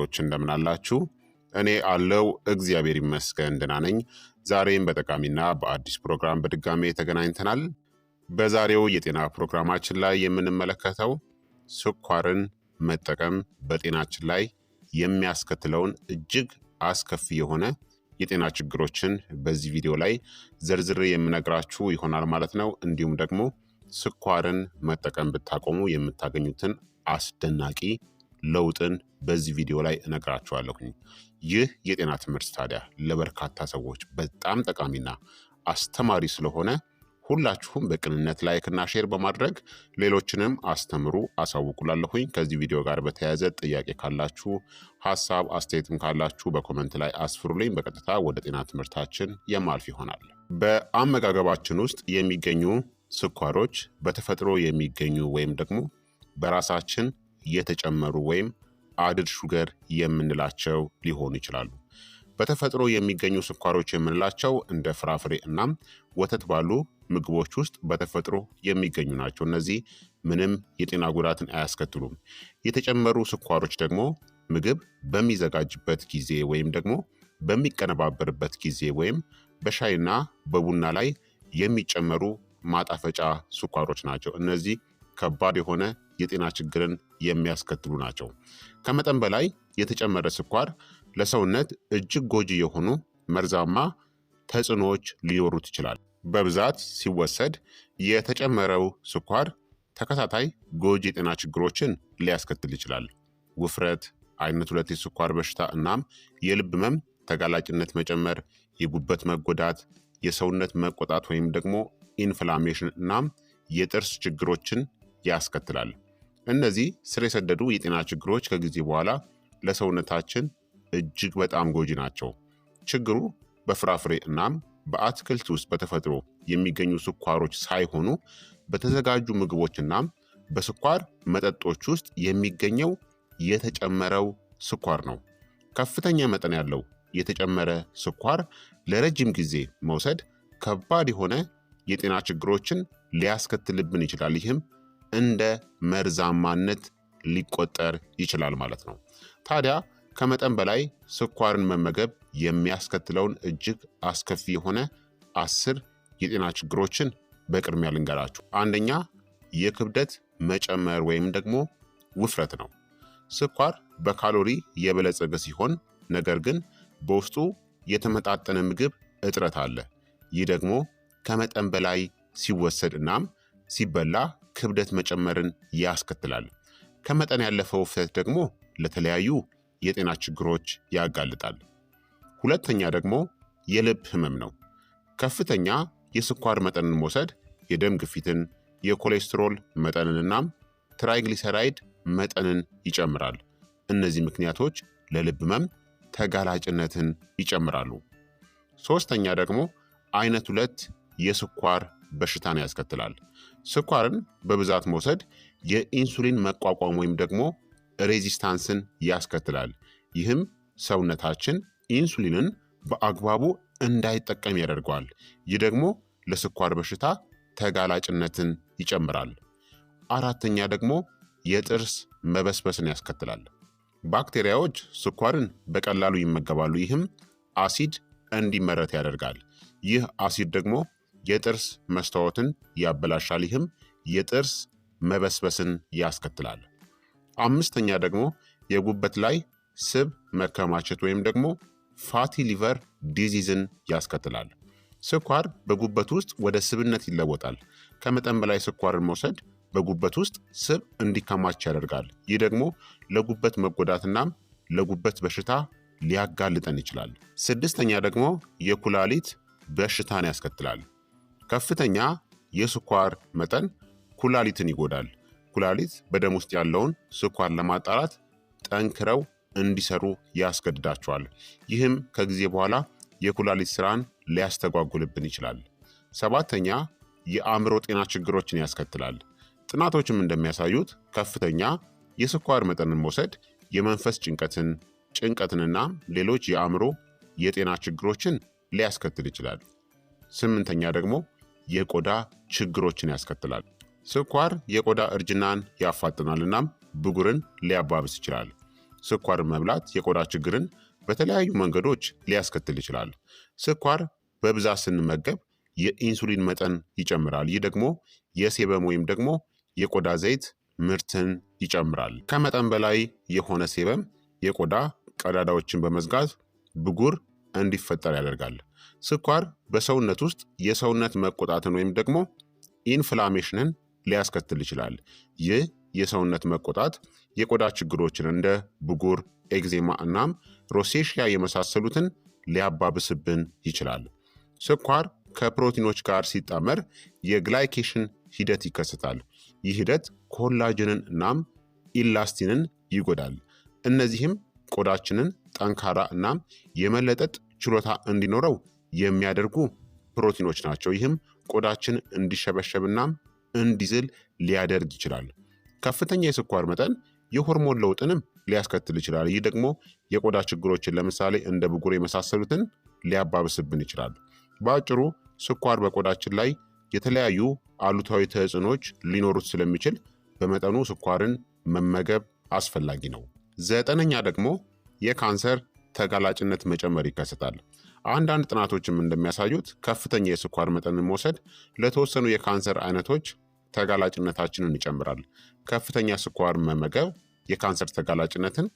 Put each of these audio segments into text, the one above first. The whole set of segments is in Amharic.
ዎች እንደምን እኔ አለው እግዚአብሔር ይመስገን ደህና ነኝ። ዛሬም በጠቃሚና በአዲስ ፕሮግራም በድጋሜ ተገናኝተናል። በዛሬው የጤና ፕሮግራማችን ላይ የምንመለከተው ስኳርን መጠቀም በጤናችን ላይ የሚያስከትለውን እጅግ አስከፊ የሆነ የጤና ችግሮችን በዚህ ቪዲዮ ላይ ዝርዝር የምነግራችሁ ይሆናል ማለት ነው። እንዲሁም ደግሞ ስኳርን መጠቀም ብታቆሙ የምታገኙትን አስደናቂ ለውጥን በዚህ ቪዲዮ ላይ እነግራችኋለሁኝ። ይህ የጤና ትምህርት ታዲያ ለበርካታ ሰዎች በጣም ጠቃሚና አስተማሪ ስለሆነ ሁላችሁም በቅንነት ላይክና ሼር በማድረግ ሌሎችንም አስተምሩ አሳውቁላለሁኝ። ከዚህ ቪዲዮ ጋር በተያያዘ ጥያቄ ካላችሁ፣ ሀሳብ አስተያየትም ካላችሁ በኮመንት ላይ አስፍሩልኝ። በቀጥታ ወደ ጤና ትምህርታችን የማልፍ ይሆናል። በአመጋገባችን ውስጥ የሚገኙ ስኳሮች በተፈጥሮ የሚገኙ ወይም ደግሞ በራሳችን የተጨመሩ ወይም አድድ ሹገር የምንላቸው ሊሆኑ ይችላሉ። በተፈጥሮ የሚገኙ ስኳሮች የምንላቸው እንደ ፍራፍሬ እናም ወተት ባሉ ምግቦች ውስጥ በተፈጥሮ የሚገኙ ናቸው። እነዚህ ምንም የጤና ጉዳትን አያስከትሉም። የተጨመሩ ስኳሮች ደግሞ ምግብ በሚዘጋጅበት ጊዜ ወይም ደግሞ በሚቀነባበርበት ጊዜ ወይም በሻይና በቡና ላይ የሚጨመሩ ማጣፈጫ ስኳሮች ናቸው። እነዚህ ከባድ የሆነ የጤና ችግርን የሚያስከትሉ ናቸው። ከመጠን በላይ የተጨመረ ስኳር ለሰውነት እጅግ ጎጂ የሆኑ መርዛማ ተጽዕኖዎች ሊኖሩት ይችላል። በብዛት ሲወሰድ የተጨመረው ስኳር ተከታታይ ጎጂ የጤና ችግሮችን ሊያስከትል ይችላል። ውፍረት፣ አይነት ሁለት የስኳር በሽታ እናም የልብ ህመም ተጋላጭነት መጨመር፣ የጉበት መጎዳት፣ የሰውነት መቆጣት ወይም ደግሞ ኢንፍላሜሽን እናም የጥርስ ችግሮችን ያስከትላል። እነዚህ ስር የሰደዱ የጤና ችግሮች ከጊዜ በኋላ ለሰውነታችን እጅግ በጣም ጎጂ ናቸው። ችግሩ በፍራፍሬ እናም በአትክልት ውስጥ በተፈጥሮ የሚገኙ ስኳሮች ሳይሆኑ በተዘጋጁ ምግቦች እናም በስኳር መጠጦች ውስጥ የሚገኘው የተጨመረው ስኳር ነው። ከፍተኛ መጠን ያለው የተጨመረ ስኳር ለረጅም ጊዜ መውሰድ ከባድ የሆነ የጤና ችግሮችን ሊያስከትልብን ይችላል። ይህም እንደ መርዛማነት ሊቆጠር ይችላል ማለት ነው። ታዲያ ከመጠን በላይ ስኳርን መመገብ የሚያስከትለውን እጅግ አስከፊ የሆነ አስር የጤና ችግሮችን በቅድሚያ ልንገራችሁ። አንደኛ የክብደት መጨመር ወይም ደግሞ ውፍረት ነው። ስኳር በካሎሪ የበለጸገ ሲሆን ነገር ግን በውስጡ የተመጣጠነ ምግብ እጥረት አለ። ይህ ደግሞ ከመጠን በላይ ሲወሰድ እናም ሲበላ ክብደት መጨመርን ያስከትላል። ከመጠን ያለፈው ውፍረት ደግሞ ለተለያዩ የጤና ችግሮች ያጋልጣል። ሁለተኛ ደግሞ የልብ ህመም ነው። ከፍተኛ የስኳር መጠንን መውሰድ የደም ግፊትን፣ የኮሌስትሮል መጠንንናም ትራይግሊሰራይድ መጠንን ይጨምራል። እነዚህ ምክንያቶች ለልብ ህመም ተጋላጭነትን ይጨምራሉ። ሶስተኛ ደግሞ አይነት ሁለት የስኳር በሽታን ያስከትላል። ስኳርን በብዛት መውሰድ የኢንሱሊን መቋቋም ወይም ደግሞ ሬዚስታንስን ያስከትላል። ይህም ሰውነታችን ኢንሱሊንን በአግባቡ እንዳይጠቀም ያደርገዋል። ይህ ደግሞ ለስኳር በሽታ ተጋላጭነትን ይጨምራል። አራተኛ ደግሞ የጥርስ መበስበስን ያስከትላል። ባክቴሪያዎች ስኳርን በቀላሉ ይመገባሉ። ይህም አሲድ እንዲመረት ያደርጋል። ይህ አሲድ ደግሞ የጥርስ መስታወትን ያበላሻል። ይህም የጥርስ መበስበስን ያስከትላል። አምስተኛ ደግሞ የጉበት ላይ ስብ መከማቸት ወይም ደግሞ ፋቲ ሊቨር ዲዚዝን ያስከትላል። ስኳር በጉበት ውስጥ ወደ ስብነት ይለወጣል። ከመጠን በላይ ስኳርን መውሰድ በጉበት ውስጥ ስብ እንዲከማች ያደርጋል። ይህ ደግሞ ለጉበት መጎዳትናም ለጉበት በሽታ ሊያጋልጠን ይችላል። ስድስተኛ ደግሞ የኩላሊት በሽታን ያስከትላል። ከፍተኛ የስኳር መጠን ኩላሊትን ይጎዳል። ኩላሊት በደም ውስጥ ያለውን ስኳር ለማጣራት ጠንክረው እንዲሰሩ ያስገድዳቸዋል። ይህም ከጊዜ በኋላ የኩላሊት ስራን ሊያስተጓጉልብን ይችላል። ሰባተኛ የአእምሮ ጤና ችግሮችን ያስከትላል። ጥናቶችም እንደሚያሳዩት ከፍተኛ የስኳር መጠንን መውሰድ የመንፈስ ጭንቀትን፣ ጭንቀትንና ሌሎች የአእምሮ የጤና ችግሮችን ሊያስከትል ይችላል። ስምንተኛ ደግሞ የቆዳ ችግሮችን ያስከትላል። ስኳር የቆዳ እርጅናን ያፋጥናል እናም ብጉርን ሊያባብስ ይችላል። ስኳር መብላት የቆዳ ችግርን በተለያዩ መንገዶች ሊያስከትል ይችላል። ስኳር በብዛት ስንመገብ የኢንሱሊን መጠን ይጨምራል። ይህ ደግሞ የሴበም ወይም ደግሞ የቆዳ ዘይት ምርትን ይጨምራል። ከመጠን በላይ የሆነ ሴበም የቆዳ ቀዳዳዎችን በመዝጋት ብጉር እንዲፈጠር ያደርጋል። ስኳር በሰውነት ውስጥ የሰውነት መቆጣትን ወይም ደግሞ ኢንፍላሜሽንን ሊያስከትል ይችላል። ይህ የሰውነት መቆጣት የቆዳ ችግሮችን እንደ ብጉር፣ ኤግዜማ እናም ሮሴሽያ የመሳሰሉትን ሊያባብስብን ይችላል። ስኳር ከፕሮቲኖች ጋር ሲጣመር የግላይኬሽን ሂደት ይከሰታል። ይህ ሂደት ኮላጅንን እናም ኢላስቲንን ይጎዳል። እነዚህም ቆዳችንን ጠንካራ እናም የመለጠጥ ችሎታ እንዲኖረው የሚያደርጉ ፕሮቲኖች ናቸው። ይህም ቆዳችን እንዲሸበሸብ እንዲሸበሸብና እንዲዝል ሊያደርግ ይችላል። ከፍተኛ የስኳር መጠን የሆርሞን ለውጥንም ሊያስከትል ይችላል። ይህ ደግሞ የቆዳ ችግሮችን ለምሳሌ እንደ ብጉር የመሳሰሉትን ሊያባብስብን ይችላል። በአጭሩ ስኳር በቆዳችን ላይ የተለያዩ አሉታዊ ተጽዕኖች ሊኖሩት ስለሚችል በመጠኑ ስኳርን መመገብ አስፈላጊ ነው። ዘጠነኛ ደግሞ የካንሰር ተጋላጭነት መጨመር ይከሰታል። አንዳንድ ጥናቶችም እንደሚያሳዩት ከፍተኛ የስኳር መጠንን መውሰድ ለተወሰኑ የካንሰር አይነቶች ተጋላጭነታችንን ይጨምራል። ከፍተኛ ስኳር መመገብ የካንሰር ተጋላጭነትን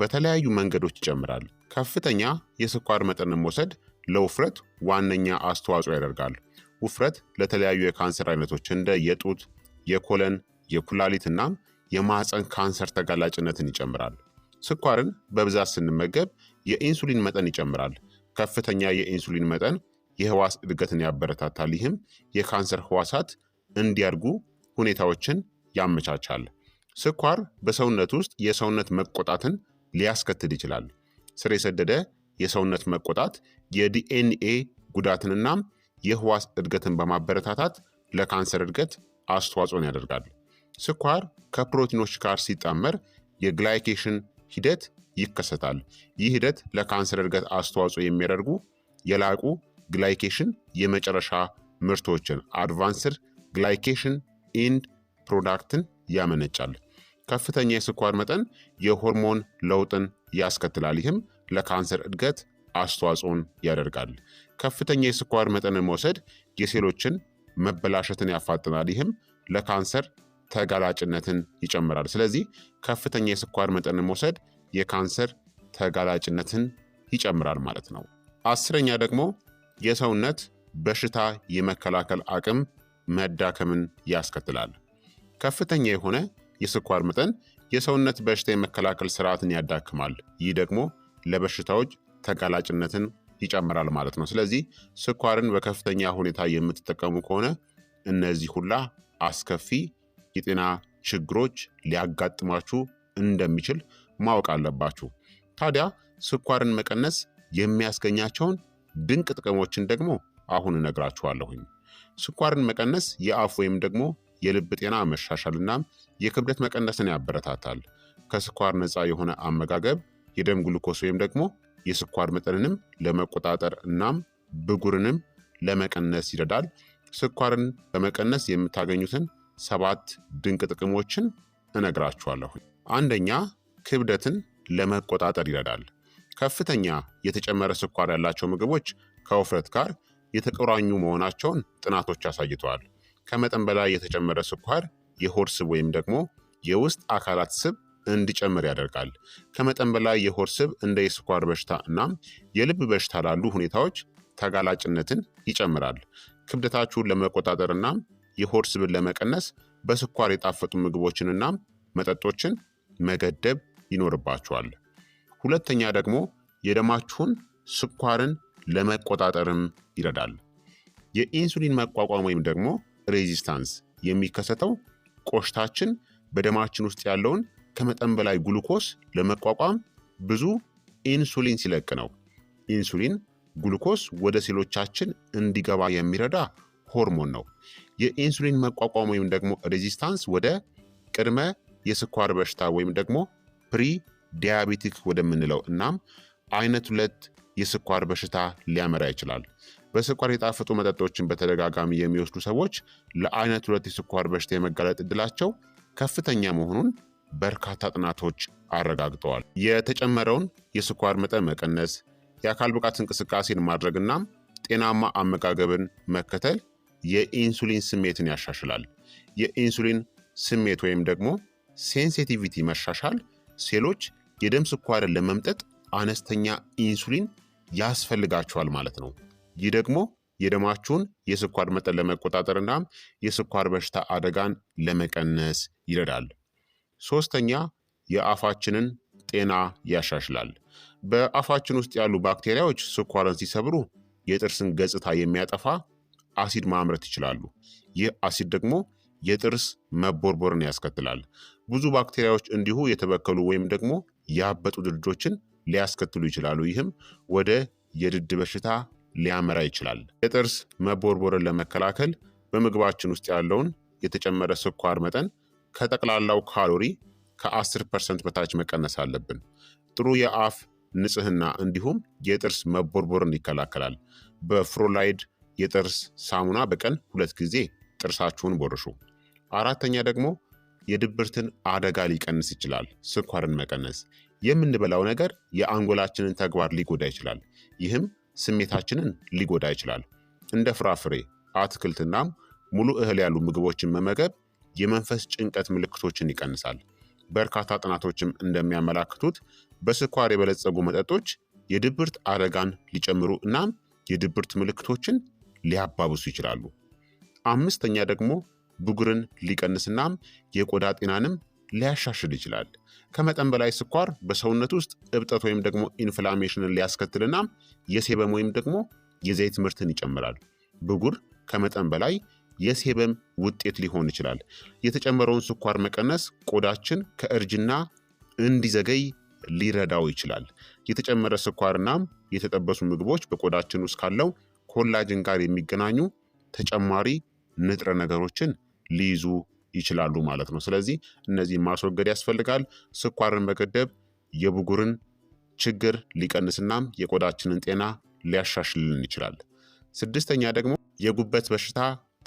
በተለያዩ መንገዶች ይጨምራል። ከፍተኛ የስኳር መጠንን መውሰድ ለውፍረት ዋነኛ አስተዋጽኦ ያደርጋል። ውፍረት ለተለያዩ የካንሰር አይነቶች እንደ የጡት፣ የኮለን፣ የኩላሊት እናም የማህፀን ካንሰር ተጋላጭነትን ይጨምራል። ስኳርን በብዛት ስንመገብ የኢንሱሊን መጠን ይጨምራል። ከፍተኛ የኢንሱሊን መጠን የህዋስ እድገትን ያበረታታል። ይህም የካንሰር ህዋሳት እንዲያድጉ ሁኔታዎችን ያመቻቻል። ስኳር በሰውነት ውስጥ የሰውነት መቆጣትን ሊያስከትል ይችላል። ስር የሰደደ የሰውነት መቆጣት የዲኤንኤ ጉዳትንና የህዋስ እድገትን በማበረታታት ለካንሰር እድገት አስተዋጽኦን ያደርጋል። ስኳር ከፕሮቲኖች ጋር ሲጣመር የግላይኬሽን ሂደት ይከሰታል። ይህ ሂደት ለካንሰር እድገት አስተዋጽኦ የሚያደርጉ የላቁ ግላይኬሽን የመጨረሻ ምርቶችን አድቫንስድ ግላይኬሽን ኢንድ ፕሮዳክትን ያመነጫል። ከፍተኛ የስኳር መጠን የሆርሞን ለውጥን ያስከትላል። ይህም ለካንሰር እድገት አስተዋጽኦን ያደርጋል። ከፍተኛ የስኳር መጠንን መውሰድ የሴሎችን መበላሸትን ያፋጥናል። ይህም ለካንሰር ተጋላጭነትን ይጨምራል። ስለዚህ ከፍተኛ የስኳር መጠን መውሰድ የካንሰር ተጋላጭነትን ይጨምራል ማለት ነው። አስረኛ ደግሞ የሰውነት በሽታ የመከላከል አቅም መዳከምን ያስከትላል። ከፍተኛ የሆነ የስኳር መጠን የሰውነት በሽታ የመከላከል ስርዓትን ያዳክማል። ይህ ደግሞ ለበሽታዎች ተጋላጭነትን ይጨምራል ማለት ነው። ስለዚህ ስኳርን በከፍተኛ ሁኔታ የምትጠቀሙ ከሆነ እነዚህ ሁላ አስከፊ የጤና ችግሮች ሊያጋጥማችሁ እንደሚችል ማወቅ አለባችሁ። ታዲያ ስኳርን መቀነስ የሚያስገኛቸውን ድንቅ ጥቅሞችን ደግሞ አሁን እነግራችኋለሁኝ። ስኳርን መቀነስ የአፍ ወይም ደግሞ የልብ ጤና መሻሻል እናም የክብደት መቀነስን ያበረታታል። ከስኳር ነፃ የሆነ አመጋገብ የደም ግሉኮስ ወይም ደግሞ የስኳር መጠንንም ለመቆጣጠር እናም ብጉርንም ለመቀነስ ይረዳል። ስኳርን በመቀነስ የምታገኙትን ሰባት ድንቅ ጥቅሞችን እነግራችኋለሁ። አንደኛ ክብደትን ለመቆጣጠር ይረዳል። ከፍተኛ የተጨመረ ስኳር ያላቸው ምግቦች ከውፍረት ጋር የተቆራኙ መሆናቸውን ጥናቶች አሳይተዋል። ከመጠን በላይ የተጨመረ ስኳር የሆድ ስብ ወይም ደግሞ የውስጥ አካላት ስብ እንዲጨምር ያደርጋል። ከመጠን በላይ የሆድ ስብ እንደ የስኳር በሽታ እና የልብ በሽታ ላሉ ሁኔታዎች ተጋላጭነትን ይጨምራል። ክብደታችሁን ለመቆጣጠር የሆድ ስብን ለመቀነስ በስኳር የጣፈጡ ምግቦችንና መጠጦችን መገደብ ይኖርባቸዋል። ሁለተኛ ደግሞ የደማችሁን ስኳርን ለመቆጣጠርም ይረዳል። የኢንሱሊን መቋቋም ወይም ደግሞ ሬዚስታንስ የሚከሰተው ቆሽታችን በደማችን ውስጥ ያለውን ከመጠን በላይ ግሉኮስ ለመቋቋም ብዙ ኢንሱሊን ሲለቅ ነው። ኢንሱሊን ግሉኮስ ወደ ሴሎቻችን እንዲገባ የሚረዳ ሆርሞን ነው። የኢንሱሊን መቋቋም ወይም ደግሞ ሬዚስታንስ ወደ ቅድመ የስኳር በሽታ ወይም ደግሞ ፕሪ ዲያቤቲክ ወደምንለው እናም አይነት ሁለት የስኳር በሽታ ሊያመራ ይችላል። በስኳር የጣፈጡ መጠጦችን በተደጋጋሚ የሚወስዱ ሰዎች ለአይነት ሁለት የስኳር በሽታ የመጋለጥ እድላቸው ከፍተኛ መሆኑን በርካታ ጥናቶች አረጋግጠዋል። የተጨመረውን የስኳር መጠን መቀነስ፣ የአካል ብቃት እንቅስቃሴን ማድረግ እናም ጤናማ አመጋገብን መከተል የኢንሱሊን ስሜትን ያሻሽላል። የኢንሱሊን ስሜት ወይም ደግሞ ሴንሲቲቪቲ መሻሻል ሴሎች የደም ስኳርን ለመምጠጥ አነስተኛ ኢንሱሊን ያስፈልጋቸዋል ማለት ነው። ይህ ደግሞ የደማችሁን የስኳር መጠን ለመቆጣጠርና የስኳር በሽታ አደጋን ለመቀነስ ይረዳል። ሶስተኛ የአፋችንን ጤና ያሻሽላል። በአፋችን ውስጥ ያሉ ባክቴሪያዎች ስኳርን ሲሰብሩ የጥርስን ገጽታ የሚያጠፋ አሲድ ማምረት ይችላሉ። ይህ አሲድ ደግሞ የጥርስ መቦርቦርን ያስከትላል። ብዙ ባክቴሪያዎች እንዲሁ የተበከሉ ወይም ደግሞ ያበጡ ድዶችን ሊያስከትሉ ይችላሉ። ይህም ወደ የድድ በሽታ ሊያመራ ይችላል። የጥርስ መቦርቦርን ለመከላከል በምግባችን ውስጥ ያለውን የተጨመረ ስኳር መጠን ከጠቅላላው ካሎሪ ከ10 ፐርሰንት በታች መቀነስ አለብን። ጥሩ የአፍ ንጽህና እንዲሁም የጥርስ መቦርቦርን ይከላከላል። በፍሮላይድ የጥርስ ሳሙና በቀን ሁለት ጊዜ ጥርሳችሁን ቦርሹ። አራተኛ ደግሞ የድብርትን አደጋ ሊቀንስ ይችላል። ስኳርን መቀነስ። የምንበላው ነገር የአንጎላችንን ተግባር ሊጎዳ ይችላል። ይህም ስሜታችንን ሊጎዳ ይችላል። እንደ ፍራፍሬ፣ አትክልትናም ሙሉ እህል ያሉ ምግቦችን መመገብ የመንፈስ ጭንቀት ምልክቶችን ይቀንሳል። በርካታ ጥናቶችም እንደሚያመላክቱት በስኳር የበለጸጉ መጠጦች የድብርት አደጋን ሊጨምሩ እናም የድብርት ምልክቶችን ሊያባብሱ ይችላሉ። አምስተኛ ደግሞ ብጉርን ሊቀንስናም የቆዳ ጤናንም ሊያሻሽል ይችላል። ከመጠን በላይ ስኳር በሰውነት ውስጥ እብጠት ወይም ደግሞ ኢንፍላሜሽንን ሊያስከትልና የሴበም ወይም ደግሞ የዘይት ምርትን ይጨምራል። ብጉር ከመጠን በላይ የሴበም ውጤት ሊሆን ይችላል። የተጨመረውን ስኳር መቀነስ ቆዳችን ከእርጅና እንዲዘገይ ሊረዳው ይችላል። የተጨመረ ስኳርናም የተጠበሱ ምግቦች በቆዳችን ውስጥ ካለው ከኮላጅን ጋር የሚገናኙ ተጨማሪ ንጥረ ነገሮችን ሊይዙ ይችላሉ ማለት ነው። ስለዚህ እነዚህን ማስወገድ ያስፈልጋል። ስኳርን መገደብ የብጉርን ችግር ሊቀንስናም የቆዳችንን ጤና ሊያሻሽልን ይችላል። ስድስተኛ ደግሞ የጉበት በሽታ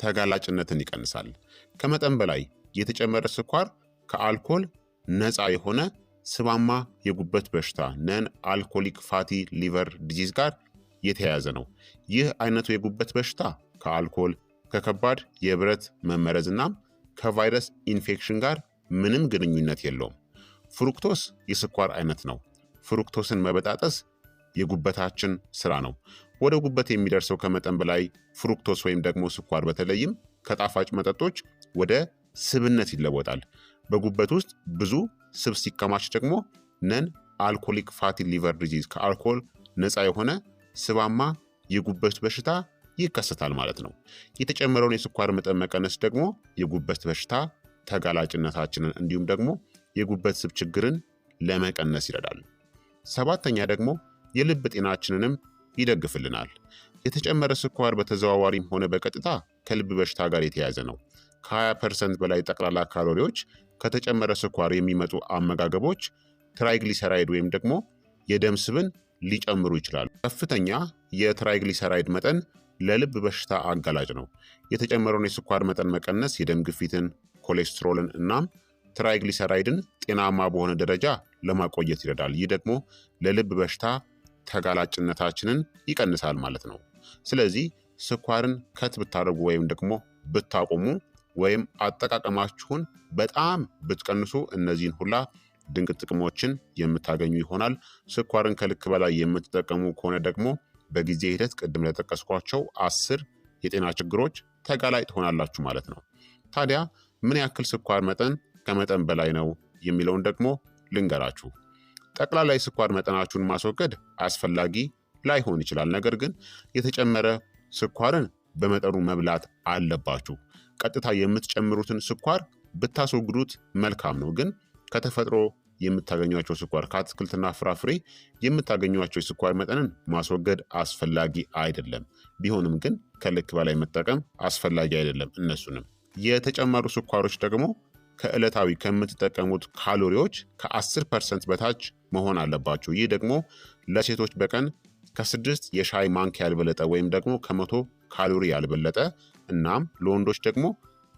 ተጋላጭነትን ይቀንሳል። ከመጠን በላይ የተጨመረ ስኳር ከአልኮል ነፃ የሆነ ስባማ የጉበት በሽታ ነን አልኮሊክ ፋቲ ሊቨር ዲዚዝ ጋር የተያያዘ ነው። ይህ አይነቱ የጉበት በሽታ ከአልኮል ከከባድ የብረት መመረዝ ከቫይረስ ኢንፌክሽን ጋር ምንም ግንኙነት የለውም። ፍሩክቶስ የስኳር አይነት ነው። ፍሩክቶስን መበጣጠስ የጉበታችን ስራ ነው። ወደ ጉበት የሚደርሰው ከመጠን በላይ ፍሩክቶስ ወይም ደግሞ ስኳር በተለይም ከጣፋጭ መጠጦች ወደ ስብነት ይለወጣል። በጉበት ውስጥ ብዙ ስብ ሲከማች ደግሞ ነን አልኮሊክ ፋቲ ሊቨር ዲዚዝ ከአልኮል ነፃ የሆነ ስባማ የጉበት በሽታ ይከሰታል ማለት ነው። የተጨመረውን የስኳር መጠን መቀነስ ደግሞ የጉበት በሽታ ተጋላጭነታችንን እንዲሁም ደግሞ የጉበት ስብ ችግርን ለመቀነስ ይረዳል። ሰባተኛ ደግሞ የልብ ጤናችንንም ይደግፍልናል። የተጨመረ ስኳር በተዘዋዋሪም ሆነ በቀጥታ ከልብ በሽታ ጋር የተያያዘ ነው። ከ20 ፐርሰንት በላይ ጠቅላላ ካሎሪዎች ከተጨመረ ስኳር የሚመጡ አመጋገቦች ትራይግሊሰራይድ ወይም ደግሞ የደም ስብን ሊጨምሩ ይችላሉ። ከፍተኛ የትራይግሊሰራይድ መጠን ለልብ በሽታ አጋላጭ ነው። የተጨመረውን የስኳር መጠን መቀነስ የደም ግፊትን፣ ኮሌስትሮልን እናም ትራይግሊሰራይድን ጤናማ በሆነ ደረጃ ለማቆየት ይረዳል። ይህ ደግሞ ለልብ በሽታ ተጋላጭነታችንን ይቀንሳል ማለት ነው። ስለዚህ ስኳርን ከት ብታደርጉ ወይም ደግሞ ብታቆሙ ወይም አጠቃቀማችሁን በጣም ብትቀንሱ እነዚህን ሁላ ድንቅ ጥቅሞችን የምታገኙ ይሆናል። ስኳርን ከልክ በላይ የምትጠቀሙ ከሆነ ደግሞ በጊዜ ሂደት ቅድም ለጠቀስኳቸው አስር የጤና ችግሮች ተጋላጭ ትሆናላችሁ ማለት ነው። ታዲያ ምን ያክል ስኳር መጠን ከመጠን በላይ ነው የሚለውን ደግሞ ልንገራችሁ። ጠቅላላ የስኳር መጠናችሁን ማስወገድ አስፈላጊ ላይሆን ይችላል። ነገር ግን የተጨመረ ስኳርን በመጠኑ መብላት አለባችሁ። ቀጥታ የምትጨምሩትን ስኳር ብታስወግዱት መልካም ነው ግን ከተፈጥሮ የምታገኟቸው ስኳር ከአትክልትና ፍራፍሬ የምታገኟቸው የስኳር መጠንን ማስወገድ አስፈላጊ አይደለም። ቢሆንም ግን ከልክ በላይ መጠቀም አስፈላጊ አይደለም። እነሱንም የተጨመሩ ስኳሮች ደግሞ ከዕለታዊ ከምትጠቀሙት ካሎሪዎች ከ10 ፐርሰንት በታች መሆን አለባቸው። ይህ ደግሞ ለሴቶች በቀን ከስድስት የሻይ ማንኪያ ያልበለጠ ወይም ደግሞ ከመቶ ካሎሪ ያልበለጠ እናም ለወንዶች ደግሞ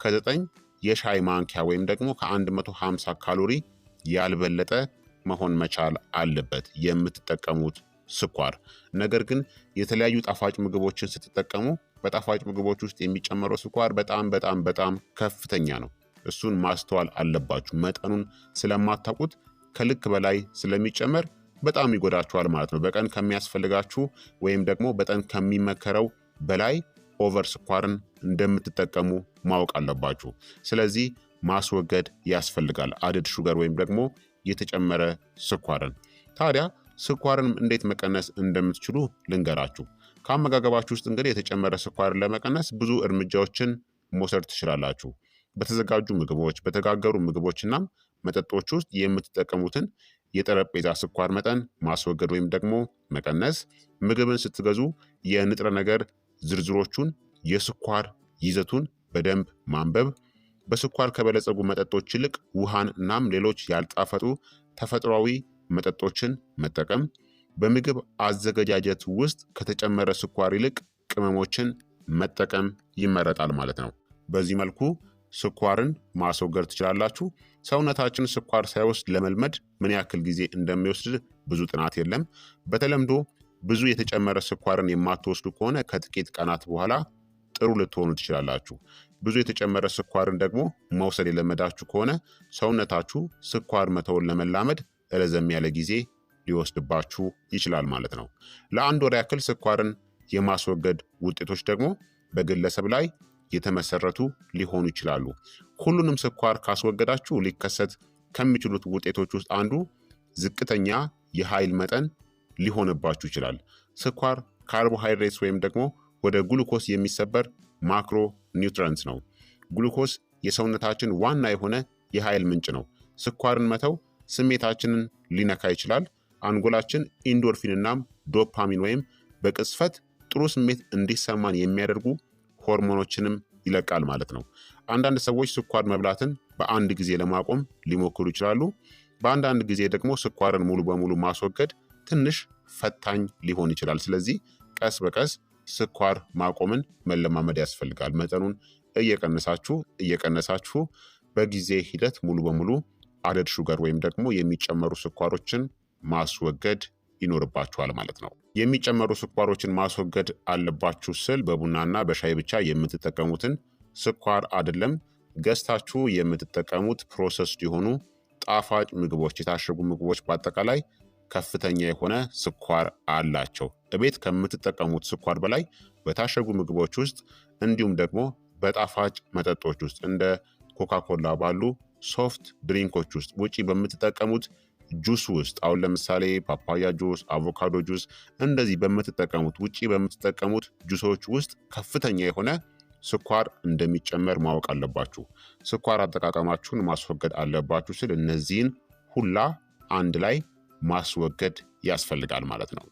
ከዘጠኝ የሻይ ማንኪያ ወይም ደግሞ ከ150 ካሎሪ ያልበለጠ መሆን መቻል አለበት የምትጠቀሙት ስኳር። ነገር ግን የተለያዩ ጣፋጭ ምግቦችን ስትጠቀሙ በጣፋጭ ምግቦች ውስጥ የሚጨመረው ስኳር በጣም በጣም በጣም ከፍተኛ ነው። እሱን ማስተዋል አለባችሁ። መጠኑን ስለማታውቁት ከልክ በላይ ስለሚጨመር በጣም ይጎዳችኋል ማለት ነው። በቀን ከሚያስፈልጋችሁ ወይም ደግሞ በጠን ከሚመከረው በላይ ኦቨር ስኳርን እንደምትጠቀሙ ማወቅ አለባችሁ። ስለዚህ ማስወገድ ያስፈልጋል አድድ ሹገር ወይም ደግሞ የተጨመረ ስኳርን። ታዲያ ስኳርን እንዴት መቀነስ እንደምትችሉ ልንገራችሁ። ከአመጋገባችሁ ውስጥ እንግዲህ የተጨመረ ስኳርን ለመቀነስ ብዙ እርምጃዎችን መውሰድ ትችላላችሁ። በተዘጋጁ ምግቦች፣ በተጋገሩ ምግቦችና መጠጦች ውስጥ የምትጠቀሙትን የጠረጴዛ ስኳር መጠን ማስወገድ ወይም ደግሞ መቀነስ፣ ምግብን ስትገዙ የንጥረ ነገር ዝርዝሮቹን፣ የስኳር ይዘቱን በደንብ ማንበብ፣ በስኳር ከበለጸጉ መጠጦች ይልቅ ውሃን እናም ሌሎች ያልጣፈጡ ተፈጥሯዊ መጠጦችን መጠቀም፣ በምግብ አዘገጃጀት ውስጥ ከተጨመረ ስኳር ይልቅ ቅመሞችን መጠቀም ይመረጣል ማለት ነው። በዚህ መልኩ ስኳርን ማስወገድ ትችላላችሁ። ሰውነታችን ስኳር ሳይወስድ ለመልመድ ምን ያክል ጊዜ እንደሚወስድ ብዙ ጥናት የለም። በተለምዶ ብዙ የተጨመረ ስኳርን የማትወስዱ ከሆነ ከጥቂት ቀናት በኋላ ጥሩ ልትሆኑ ትችላላችሁ። ብዙ የተጨመረ ስኳርን ደግሞ መውሰድ የለመዳችሁ ከሆነ ሰውነታችሁ ስኳር መተውን ለመላመድ ረዘም ያለ ጊዜ ሊወስድባችሁ ይችላል ማለት ነው። ለአንድ ወር ያክል ስኳርን የማስወገድ ውጤቶች ደግሞ በግለሰብ ላይ የተመሰረቱ ሊሆኑ ይችላሉ። ሁሉንም ስኳር ካስወገዳችሁ ሊከሰት ከሚችሉት ውጤቶች ውስጥ አንዱ ዝቅተኛ የኃይል መጠን ሊሆንባችሁ ይችላል። ስኳር ካርቦሃይድሬትስ ወይም ደግሞ ወደ ግሉኮስ የሚሰበር ማክሮ ኒውትረንት ነው። ግሉኮስ የሰውነታችን ዋና የሆነ የኃይል ምንጭ ነው። ስኳርን መተው ስሜታችንን ሊነካ ይችላል። አንጎላችን ኢንዶርፊንናም ዶፓሚን ወይም በቅጽፈት ጥሩ ስሜት እንዲሰማን የሚያደርጉ ሆርሞኖችንም ይለቃል ማለት ነው። አንዳንድ ሰዎች ስኳር መብላትን በአንድ ጊዜ ለማቆም ሊሞክሩ ይችላሉ። በአንዳንድ ጊዜ ደግሞ ስኳርን ሙሉ በሙሉ ማስወገድ ትንሽ ፈታኝ ሊሆን ይችላል። ስለዚህ ቀስ በቀስ ስኳር ማቆምን መለማመድ ያስፈልጋል። መጠኑን እየቀነሳችሁ እየቀነሳችሁ በጊዜ ሂደት ሙሉ በሙሉ አደድ ሹገር ወይም ደግሞ የሚጨመሩ ስኳሮችን ማስወገድ ይኖርባችኋል ማለት ነው። የሚጨመሩ ስኳሮችን ማስወገድ አለባችሁ ስል በቡናና በሻይ ብቻ የምትጠቀሙትን ስኳር አይደለም። ገዝታችሁ የምትጠቀሙት ፕሮሰስድ የሆኑ ጣፋጭ ምግቦች፣ የታሸጉ ምግቦች በአጠቃላይ ከፍተኛ የሆነ ስኳር አላቸው። እቤት ከምትጠቀሙት ስኳር በላይ በታሸጉ ምግቦች ውስጥ እንዲሁም ደግሞ በጣፋጭ መጠጦች ውስጥ እንደ ኮካኮላ ባሉ ሶፍት ድሪንኮች ውስጥ ውጪ በምትጠቀሙት ጁስ ውስጥ አሁን ለምሳሌ ፓፓያ ጁስ፣ አቮካዶ ጁስ እንደዚህ በምትጠቀሙት ውጪ በምትጠቀሙት ጁሶች ውስጥ ከፍተኛ የሆነ ስኳር እንደሚጨመር ማወቅ አለባችሁ። ስኳር አጠቃቀማችሁን ማስወገድ አለባችሁ ስል እነዚህን ሁላ አንድ ላይ ማስወገድ ያስፈልጋል ማለት ነው።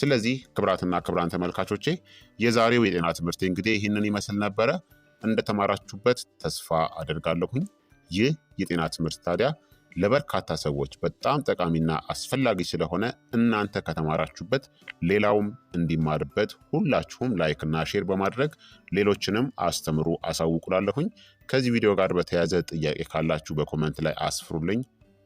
ስለዚህ ክብራትና ክብራን ተመልካቾቼ የዛሬው የጤና ትምህርት እንግዲህ ይህንን ይመስል ነበረ። እንደተማራችሁበት ተስፋ አደርጋለሁኝ። ይህ የጤና ትምህርት ታዲያ ለበርካታ ሰዎች በጣም ጠቃሚና አስፈላጊ ስለሆነ እናንተ ከተማራችሁበት ሌላውም እንዲማርበት ሁላችሁም ላይክና ሼር በማድረግ ሌሎችንም አስተምሩ፣ አሳውቁላለሁኝ። ከዚህ ቪዲዮ ጋር በተያያዘ ጥያቄ ካላችሁ በኮመንት ላይ አስፍሩልኝ።